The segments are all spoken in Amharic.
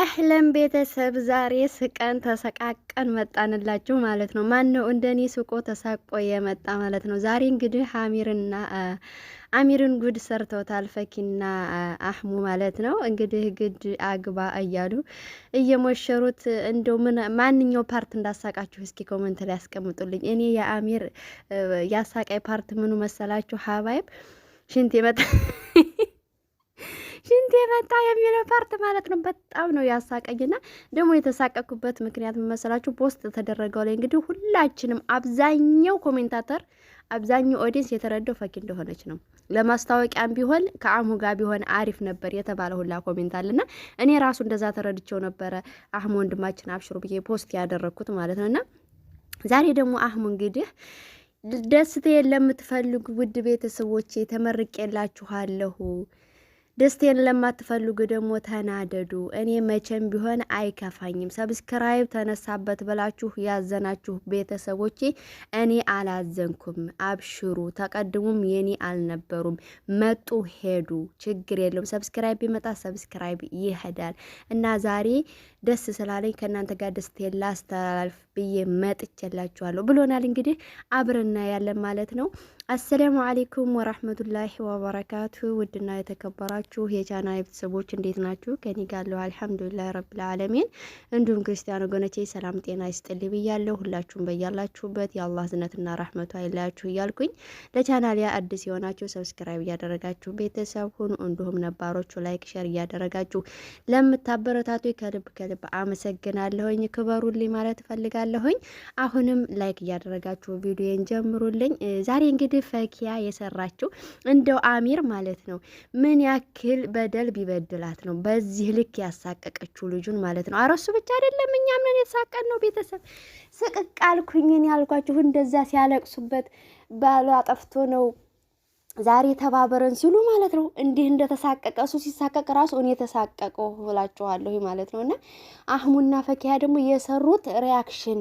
አህለን ቤተሰብ ዛሬ ስቀን ተሰቃቀን መጣንላችሁ ማለት ነው። ማን ነው እንደኔ ስቆ ተሳቆ የመጣ ማለት ነው። ዛሬ እንግዲህ አሚርና አሚርን ጉድ ሰርተውታል ፈኪና አህሙ ማለት ነው። እንግዲህ ግድ አግባ እያሉ እየሞሸሩት እንደው ማንኛው ፓርት እንዳሳቃችሁ እስኪ ኮመንት ላይ ያስቀምጡልኝ። እኔ የአሚር ያሳቃይ ፓርት ምኑ መሰላችሁ? ሀባይብ ሽንት ይመጣ ሽንት የመጣ የሚለው ፓርት ማለት ነው። በጣም ነው ያሳቀኝና ደግሞ የተሳቀኩበት ምክንያት መመሰላችሁ ፖስት ተደረገው ላይ እንግዲህ ሁላችንም አብዛኛው ኮሜንታተር አብዛኛው ኦዲየንስ የተረዳው ፈኪ እንደሆነች ነው። ለማስታወቂያም ቢሆን ከአሙ ጋር ቢሆን አሪፍ ነበር የተባለ ሁላ ኮሜንት አለና እኔ ራሱ እንደዛ ተረድቸው ነበረ። አህሙ ወንድማችን አብሽሩ ብዬ ፖስት ያደረግኩት ማለት ነውና ዛሬ ደግሞ አህሙ እንግዲህ ደስቴ ለምትፈልጉ ውድ ቤተሰቦቼ ተመርቄላችኋለሁ ደስቴን ለማትፈልጉ ደግሞ ተናደዱ። እኔ መቼም ቢሆን አይከፋኝም። ሰብስክራይብ ተነሳበት ብላችሁ ያዘናችሁ ቤተሰቦቼ እኔ አላዘንኩም። አብሽሩ፣ ተቀድሙም የኔ አልነበሩም። መጡ ሄዱ፣ ችግር የለውም። ሰብስክራይብ ቢመጣ ሰብስክራይብ ይሄዳል እና ዛሬ ደስ ስላለኝ ከእናንተ ጋር ደስቴን ላስተላልፍ ብዬ መጥቼላችኋለሁ ብሎናል። እንግዲህ አብረና ያለን ማለት ነው። አሰላሙ አሌይኩም ወራህመቱላሂ ወበረካቱ። ውድና የተከበራችሁ የቻና ቤተሰቦች እንዴት ናችሁ? ከኔ ጋለሁ አልሐምዱሊላህ ረብል ዓለሚን። እንዲሁም ክርስቲያን ወገኖቼ ሰላም ጤና ይስጥል ብያለሁ። ሁላችሁም በያላችሁበት የአላህ ዝነትና ራህመቱ አይለያችሁ እያልኩኝ ለቻናል ያ አዲስ የሆናችሁ ሰብስክራይብ እያደረጋችሁ ቤተሰብ ሁኑ። እንዲሁም ነባሮቹ ላይክ፣ ሸር እያደረጋችሁ ለምታበረታቱ ከልብ ከልብ አመሰግናለሁኝ። ክበሩልኝ ማለት እፈልጋለሁ። እላለሁኝ። አሁንም ላይክ እያደረጋችሁ ቪዲዮን ጀምሩልኝ። ዛሬ እንግዲህ ፈኪያ የሰራችው እንደው አሚር ማለት ነው ምን ያክል በደል ቢበድላት ነው በዚህ ልክ ያሳቀቀችው ልጁን ማለት ነው። አረሱ ብቻ አይደለም እኛም ነን የተሳቀን ነው ቤተሰብ ስቅቅ አልኩኝን ያልኳችሁ እንደዛ ሲያለቅሱበት ባሏ ጠፍቶ ነው ዛሬ ተባበረን ሲሉ ማለት ነው እንዲህ እንደተሳቀቀ እሱ ሲሳቀቅ ራሱ እኔ ተሳቀቀው ብላችኋለሁ ማለት ነው። እና አህሙና ፈኪያ ደግሞ የሰሩት ሪያክሽን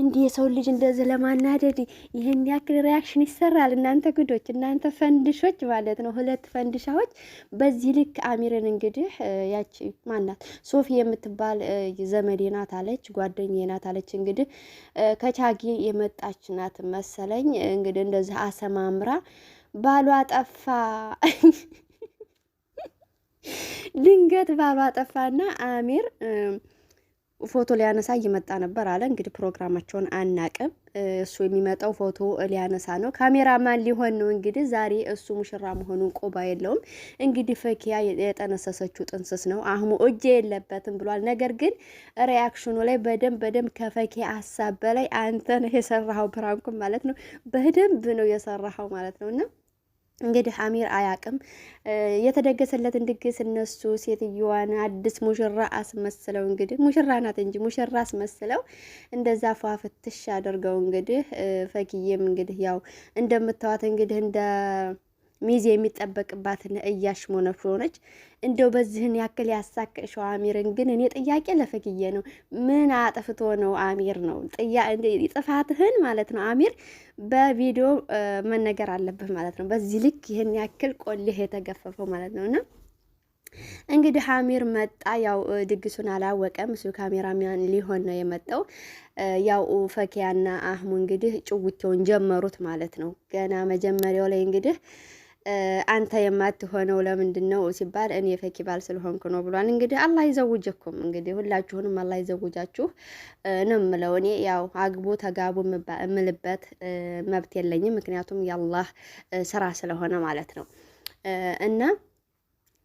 እንዲህ የሰው ልጅ እንደዚህ ለማናደድ ይህን ያክል ሪያክሽን ይሰራል። እናንተ ግዶች፣ እናንተ ፈንድሾች ማለት ነው። ሁለት ፈንድሻዎች በዚህ ልክ አሚርን እንግዲህ ያቺ ማናት ሶፊ የምትባል ዘመዴ ናት አለች፣ ጓደኛዬ ናት አለች። እንግዲህ ከቻጊ የመጣች ናት መሰለኝ እንግዲህ እንደዚህ አሰማምራ ባሏ ጠፋ። ድንገት ባሏ ጠፋና አሚር ፎቶ ሊያነሳ እየመጣ ነበር አለ። እንግዲህ ፕሮግራማቸውን አናቅም። እሱ የሚመጣው ፎቶ ሊያነሳ ነው፣ ካሜራማን ሊሆን ነው። እንግዲህ ዛሬ እሱ ሙሽራ መሆኑን ቆባ የለውም። እንግዲህ ፈኪያ የጠነሰሰችው ጥንስስ ነው። አህሙ እጄ የለበትም ብሏል። ነገር ግን ሪያክሽኑ ላይ በደንብ በደንብ ከፈኪያ ሀሳብ በላይ አንተ ነህ የሰራኸው ፕራንኩን ማለት ነው። በደንብ ነው የሰራኸው ማለት ነው እና እንግዲህ አሚር አያቅም የተደገሰለትን ድግስ። እነሱ ሴትዮዋን አዲስ ሙሽራ አስመስለው እንግዲህ ሙሽራ ናት እንጂ ሙሽራ አስመስለው እንደዛ ፍትሽ አድርገው እንግዲህ ፈኪዬም እንግዲህ ያው እንደምታዋት እንግዲህ እንደ ሚዜ የሚጠበቅባትን እያሽሞነፍ ሆነች። እንደው በዚህን ያክል ያሳከሸው አሚርን ግን እኔ ጥያቄ ለፈግዬ ነው። ምን አጥፍቶ ነው አሚር ነው ጥፋትህን ማለት ነው አሚር በቪዲዮ መነገር አለብህ ማለት ነው። በዚህ ልክ ይህን ያክል ቆልህ የተገፈፈው ማለት ነው እና እንግዲህ አሚር መጣ። ያው ድግሱን አላወቀም እሱ ካሜራማን ሊሆን ነው የመጣው። ያው ፈኪያና አህሙ እንግዲህ ጭውቴውን ጀመሩት ማለት ነው። ገና መጀመሪያው ላይ እንግዲህ አንተ የማትሆነው ለምንድን ነው ሲባል እኔ ፈኪ ባል ስለሆንኩ ነው ብሏል። እንግዲህ አላህ ይዘውጀኩም። እንግዲህ ሁላችሁንም አላህ ይዘውጃችሁ ነው የምለው። እኔ ያው አግቡ ተጋቡ የምልበት መብት የለኝም፣ ምክንያቱም የአላህ ስራ ስለሆነ ማለት ነው እና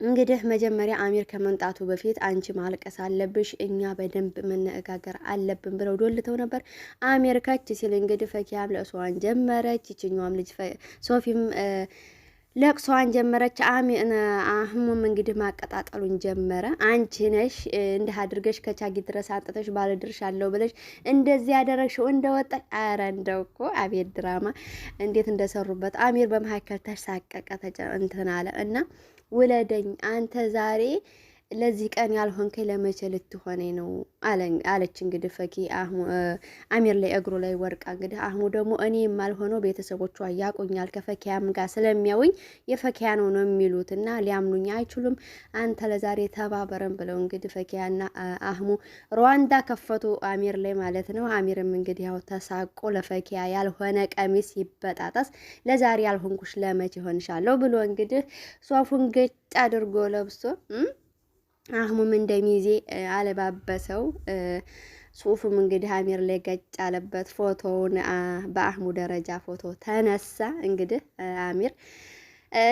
እንግዲህ መጀመሪያ አሚር ከመምጣቱ በፊት አንቺ ማልቀስ አለብሽ፣ እኛ በደንብ መነጋገር አለብን ብለው ዶልተው ነበር። አሚር ከች ሲል እንግዲህ ፈኪያም ለእሷን ጀመረች። ይችኛዋም ልጅ ሶፊም ለቅሷን ጀመረች። አህሙም እንግዲህ ማቀጣጠሉን ጀመረ። አንቺ ነሽ እንዲህ አድርገሽ ከቻጊ ድረስ አንጥተሽ ባለድርሻ አለው ብለሽ እንደዚህ ያደረግሽው እንደወጣሽ። ኧረ እንደው እኮ አቤት ድራማ እንዴት እንደሰሩበት። አሚር በመካከል ተሳቀቀ እንትን አለ እና ውለደኝ አንተ ዛሬ ለዚህ ቀን ያልሆንከ ለመቼ ልትሆነ ነው አለች። እንግዲህ ፈኪ አሚር ላይ እግሩ ላይ ወርቃ እንግዲህ አህሙ ደግሞ እኔ የማልሆነው ቤተሰቦቿ ያቆኛል ከፈኪያም ጋር ስለሚያውኝ የፈኪያ ነው ነው የሚሉት እና ሊያምኑኝ አይችሉም። አንተ ለዛሬ ተባበረን ብለው እንግዲህ ፈኪያና አህሙ ሩዋንዳ ከፈቱ አሚር ላይ ማለት ነው። አሚርም እንግዲህ ያው ተሳቆ ለፈኪያ ያልሆነ ቀሚስ ይበጣጠስ ለዛሬ ያልሆንኩሽ ለመቼ ሆንሻለሁ ብሎ እንግዲህ ሶፉን ገጭ አድርጎ ለብሶ አህሙም እንደሚዜ አለባበሰው። ጽሁፉም እንግዲህ አሚር ላይ ገጭ አለበት። ፎቶውን በአህሙ ደረጃ ፎቶ ተነሳ። እንግዲህ አሚር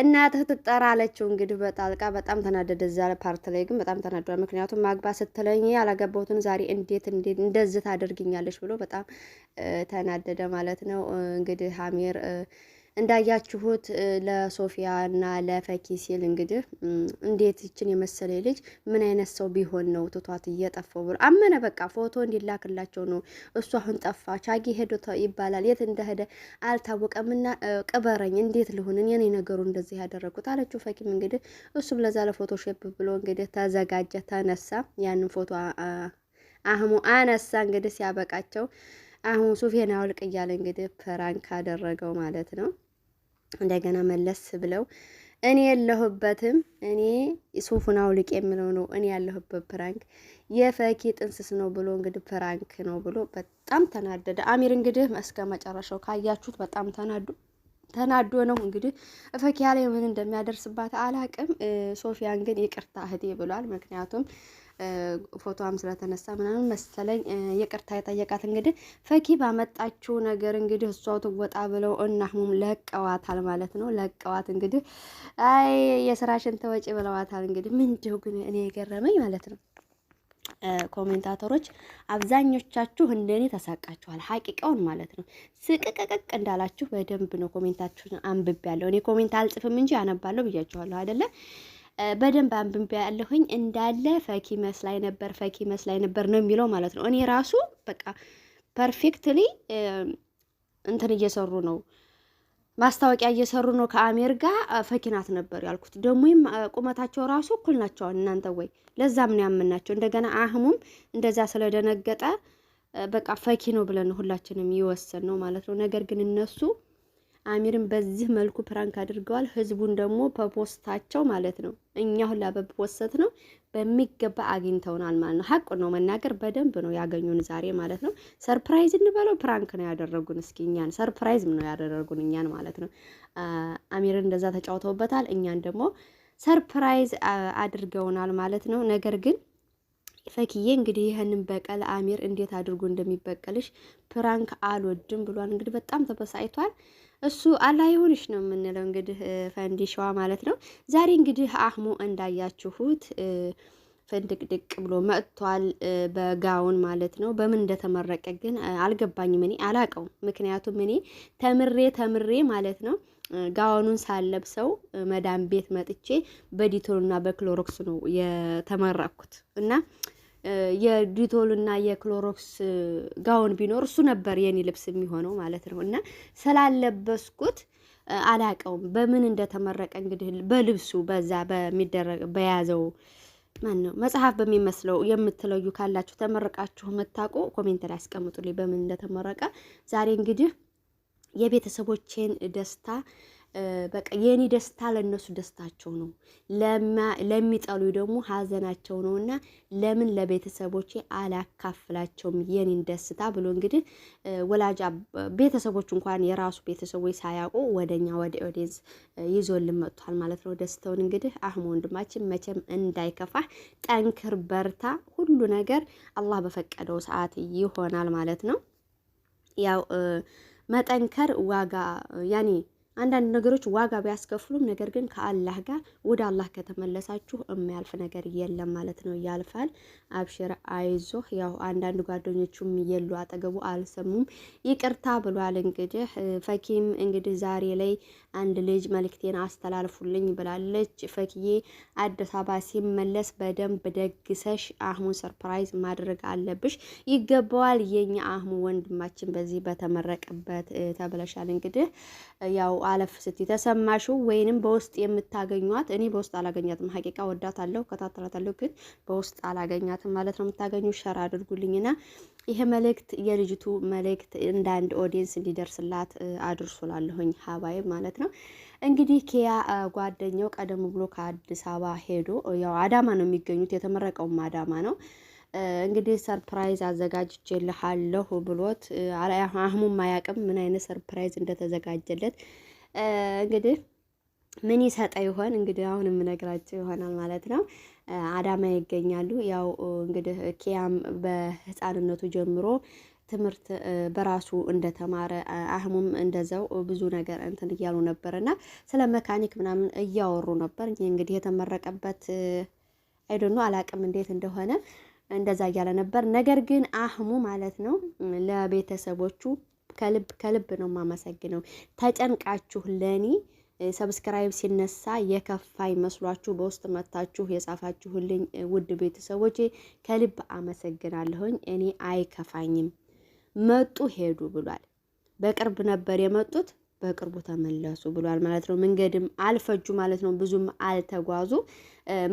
እናትህ ትጠራ አለችው። እንግዲህ በጣልቃ በጣም ተናደደ። እዛ ፓርት ላይ ግን በጣም ተናደደ። ምክንያቱም ማግባ ስትለኝ ያላገባሁትን ዛሬ እንዴት እንዴት እንደዚህ ታደርግኛለች ብሎ በጣም ተናደደ ማለት ነው እንግዲህ አሚር እንዳያችሁት ለሶፊያ እና ለፈኪ ሲል እንግዲህ እንዴት ይችን የመሰለ ልጅ ምን አይነት ሰው ቢሆን ነው ትቷት እየጠፋው ብሎ አመነ። በቃ ፎቶ እንዲላክላቸው ነው። እሱ አሁን ጠፋ ቻጊ ሄዶ ይባላል የት እንደሄደ አልታወቀም። እና ቅበረኝ፣ እንዴት ልሁን? እኔ ነገሩ እንደዚህ ያደረጉት አለችው። ፈኪም እንግዲህ እሱም ለዛ ለፎቶ ሼፕ ብሎ እንግዲህ ተዘጋጀ፣ ተነሳ። ያንን ፎቶ አህሙ አነሳ። እንግዲህ ሲያበቃቸው አሁን ሱፌን አውልቅ እያለ እንግዲህ ፕራንክ አደረገው ማለት ነው። እንደገና መለስ ብለው እኔ የለሁበትም እኔ ሱፉን አውልቅ የሚለው ነው። እኔ ያለሁበት ፕራንክ የፈኪ ጥንስስ ነው ብሎ እንግዲህ ፕራንክ ነው ብሎ በጣም ተናደደ። አሚር እንግዲህ እስከ መጨረሻው ካያችሁት በጣም ተናዶ ተናዶ ነው እንግዲህ እፈኪያ ላይ ምን እንደሚያደርስባት አላቅም። ሶፊያን ግን ይቅርታ እህቴ ብሏል። ምክንያቱም ፎቶዋም ስለተነሳ ምናምን መሰለኝ ይቅርታ የጠየቃት እንግዲህ ፈኪ ባመጣችው ነገር እንግዲህ እሷው ትወጣ ብለው እናሙም ለቀዋታል ማለት ነው። ለቀዋት እንግዲህ አይ የስራሽን ተወጪ ብለዋታል። እንግዲህ ምንድው ግን እኔ የገረመኝ ማለት ነው ኮሜንታተሮች አብዛኞቻችሁ እንደኔ ተሳቃችኋል። ሀቂቃውን ማለት ነው ስቅቅቅቅ እንዳላችሁ በደንብ ነው ኮሜንታችሁን አንብቤያለሁ። እኔ ኮሜንት አልጽፍም እንጂ አነባለሁ ብያችኋለሁ አይደለ? በደንብ አንብቤ ያለሁኝ እንዳለ ፈኪ መስላይ ነበር፣ ፈኪ መስላይ ነበር ነው የሚለው ማለት ነው። እኔ ራሱ በቃ ፐርፌክትሊ እንትን እየሰሩ ነው ማስታወቂያ እየሰሩ ነው ከአሜር ጋር ፈኪናት ነበር ያልኩት። ደግሞ ቁመታቸው ራሱ እኩል ናቸው እናንተ ወይ ለዛም ነው ያምናቸው። እንደገና አህሙም እንደዛ ስለደነገጠ በቃ ፈኪ ነው ብለን ሁላችንም ይወሰን ነው ማለት ነው። ነገር ግን እነሱ አሚርን በዚህ መልኩ ፕራንክ አድርገዋል። ህዝቡን ደግሞ በፖስታቸው ማለት ነው እኛ ሁላ በፖስት ነው በሚገባ አግኝተውናል ማለት ነው። ሀቁ ነው መናገር በደንብ ነው ያገኙን ዛሬ ማለት ነው። ሰርፕራይዝ እንበለው ፕራንክ ነው ያደረጉን። እስኪ እኛን ሰርፕራይዝ ነው ያደረጉን እኛን ማለት ነው። አሚርን እንደዛ ተጫውተውበታል። እኛን ደግሞ ሰርፕራይዝ አድርገውናል ማለት ነው። ነገር ግን ፈኪዬ እንግዲህ ይህንን በቀል አሚር እንዴት አድርጎ እንደሚበቀልሽ ፕራንክ አልወድም ብሏል። እንግዲህ በጣም ተበሳጭቷል። እሱ አላህ ይሁንሽ ነው የምንለው እንግዲህ ፈንዲሻዋ ማለት ነው። ዛሬ እንግዲህ አህሙ እንዳያችሁት ፍንድቅድቅ ብሎ መጥቷል፣ በጋውን ማለት ነው። በምን እንደተመረቀ ግን አልገባኝም፣ እኔ አላቀውም። ምክንያቱም እኔ ተምሬ ተምሬ ማለት ነው ጋውኑን ሳለብሰው መዳም ቤት መጥቼ በዲቶልና በክሎሮክስ ነው የተመረቅኩት እና የዲቶልና የክሎሮክስ ጋውን ቢኖር እሱ ነበር የኔ ልብስ የሚሆነው ማለት ነው። እና ስላለበስኩት አላቀውም በምን እንደተመረቀ እንግዲህ በልብሱ በዛ በሚደረግ በያዘው ማን ነው መጽሐፍ በሚመስለው የምትለዩ ካላችሁ ተመረቃችሁ የምታውቁ ኮሜንት ላይ አስቀምጡልኝ በምን እንደተመረቀ። ዛሬ እንግዲህ የቤተሰቦቼን ደስታ በቃ የኔ ደስታ ለእነሱ ደስታቸው ነው፣ ለሚጠሉ ደግሞ ሀዘናቸው ነው። እና ለምን ለቤተሰቦች አላካፍላቸውም የኔን ደስታ ብሎ እንግዲህ ወላጅ ቤተሰቦች እንኳን የራሱ ቤተሰቦች ሳያውቁ ወደኛ ወደ ኦዲየንስ ይዞልን መጥቷል ማለት ነው። ደስተውን እንግዲህ አህሙ ወንድማችን መቼም እንዳይከፋ ጠንክር፣ በርታ። ሁሉ ነገር አላህ በፈቀደው ሰዓት ይሆናል ማለት ነው። ያው መጠንከር ዋጋ ያኔ አንዳንድ ነገሮች ዋጋ ቢያስከፍሉም ነገር ግን ከአላህ ጋር ወደ አላህ ከተመለሳችሁ የሚያልፍ ነገር የለም ማለት ነው። ያልፋል። አብሽር አይዞህ። ያው አንዳንድ ጓደኞቹም የሉ አጠገቡ አልሰሙም፣ ይቅርታ ብሏል። እንግዲህ ፈኪም እንግዲህ ዛሬ ላይ አንድ ልጅ መልክቴን አስተላልፉልኝ ብላለች። ፈክዬ አዲስ አበባ ሲመለስ በደንብ ደግሰሽ አህሙን ሰርፕራይዝ ማድረግ አለብሽ፣ ይገባዋል። የኛ አህሙ ወንድማችን በዚህ በተመረቀበት ተብለሻል። እንግዲህ ያው አለፍ ስቲ ተሰማሽው ወይንም በውስጥ የምታገኟት እኔ በውስጥ አላገኛትም። ሀቂቃ ወዳታለሁ፣ ከታተላታለሁ፣ ግን በውስጥ አላገኛትም ማለት ነው። የምታገኙ ሸር አድርጉልኝና ይሄ መልእክት የልጅቱ መልእክት እንደ አንድ ኦዲየንስ እንዲደርስላት አድርሶላለሁኝ ሀባይ ማለት ነው። ነው። እንግዲህ ኪያ ጓደኛው ቀደም ብሎ ከአዲስ አበባ ሄዶ ያው አዳማ ነው የሚገኙት፣ የተመረቀውም አዳማ ነው። እንግዲህ ሰርፕራይዝ አዘጋጅቼልሃለሁ ብሎት አህሙም አያውቅም ምን አይነት ሰርፕራይዝ እንደተዘጋጀለት። እንግዲህ ምን ይሰጠ ይሆን እንግዲህ አሁን የምነግራቸው ይሆናል ማለት ነው። አዳማ ይገኛሉ። ያው እንግዲህ ኪያም በህፃንነቱ ጀምሮ ትምህርት በራሱ እንደተማረ አህሙም እንደዛው ብዙ ነገር እንትን እያሉ ነበር እና ስለ መካኒክ ምናምን እያወሩ ነበር። እንግዲህ የተመረቀበት አይዶኖ አላቅም እንዴት እንደሆነ እንደዛ እያለ ነበር። ነገር ግን አህሙ ማለት ነው ለቤተሰቦቹ ከልብ ከልብ ነው የማመሰግነው። ተጨንቃችሁ ለእኔ ሰብስክራይብ ሲነሳ የከፋ ይመስሏችሁ በውስጥ መታችሁ የጻፋችሁልኝ ውድ ቤተሰቦቼ ከልብ አመሰግናለሁኝ። እኔ አይከፋኝም። መጡ ሄዱ ብሏል። በቅርብ ነበር የመጡት በቅርቡ ተመለሱ ብሏል ማለት ነው። መንገድም አልፈጁ ማለት ነው። ብዙም አልተጓዙ።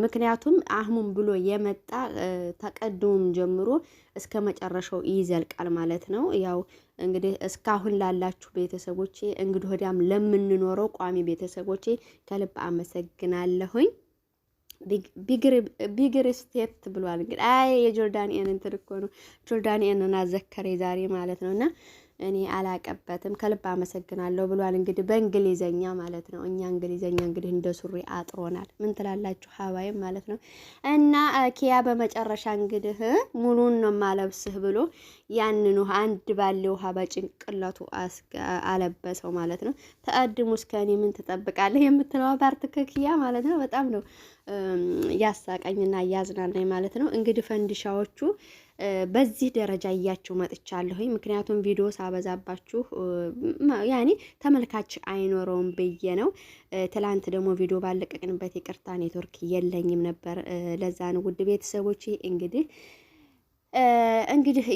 ምክንያቱም አህሙም ብሎ የመጣ ተቀድሞም ጀምሮ እስከ መጨረሻው ይዘልቃል ማለት ነው። ያው እንግዲህ እስካሁን ላላችሁ ቤተሰቦቼ እንግዲህ ወዲያም ለምንኖረው ቋሚ ቤተሰቦቼ ከልብ አመሰግናለሁኝ። ቢግር ስቴት ብሏል። እንግዲህ አይ የጆርዳንኤን እንትን እኮ ነው ጆርዳንኤንን አዘከረ ዛሬ ማለት ነው። እና እኔ አላቀበትም ከልብ አመሰግናለሁ ብሏል። እንግዲህ በእንግሊዘኛ ማለት ነው። እኛ እንግሊዘኛ እንግዲህ እንደ ሱሪ አጥሮናል። ምን ትላላችሁ? ሀባይም ማለት ነው። እና ኪያ በመጨረሻ እንግዲህ ሙሉን ነው ማለብስህ ብሎ ያንኑ አንድ ባለ ውሃ በጭንቅላቱ አለበሰው ማለት ነው። ተአድሙ እስከ እኔ ምን ትጠብቃለህ የምትለው ባርትክ ማለት ነው። በጣም ነው ያሳቀኝና ያዝናናኝ ማለት ነው። እንግዲህ ፈንዲሻዎቹ በዚህ ደረጃ እያችሁ መጥቻለሁኝ። ምክንያቱም ቪዲዮ ሳበዛባችሁ ያኔ ተመልካች አይኖረውም ብዬ ነው። ትላንት ደግሞ ቪዲዮ ባለቀቅንበት ይቅርታ ኔትወርክ የለኝም ነበር። ለዛን ውድ ቤተሰቦች እንግዲህ እንግዲህ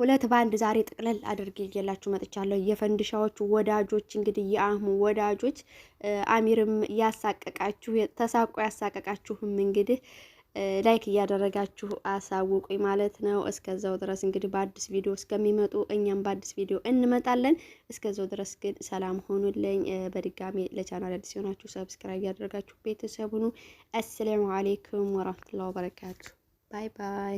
ሁለት በአንድ ዛሬ ጥቅልል አድርጌ ይዤላችሁ መጥቻለሁ። የፈንድሻዎች ወዳጆች እንግዲህ የአህሙ ወዳጆች አሚርም ያሳቀቃችሁ ተሳቆ ያሳቀቃችሁም እንግዲህ ላይክ እያደረጋችሁ አሳውቁኝ ማለት ነው። እስከዛው ድረስ እንግዲህ በአዲስ ቪዲዮ እስከሚመጡ እኛም በአዲስ ቪዲዮ እንመጣለን። እስከዛው ድረስ ግን ሰላም ሆኑልኝ። በድጋሚ ለቻናል አዲስ የሆናችሁ ሰብስክራይብ እያደረጋችሁ ቤተሰብ ሁኑ። አሰላሙ አሌይኩም ወራህመቱላሂ ወበረካቱ። ባይ ባይ።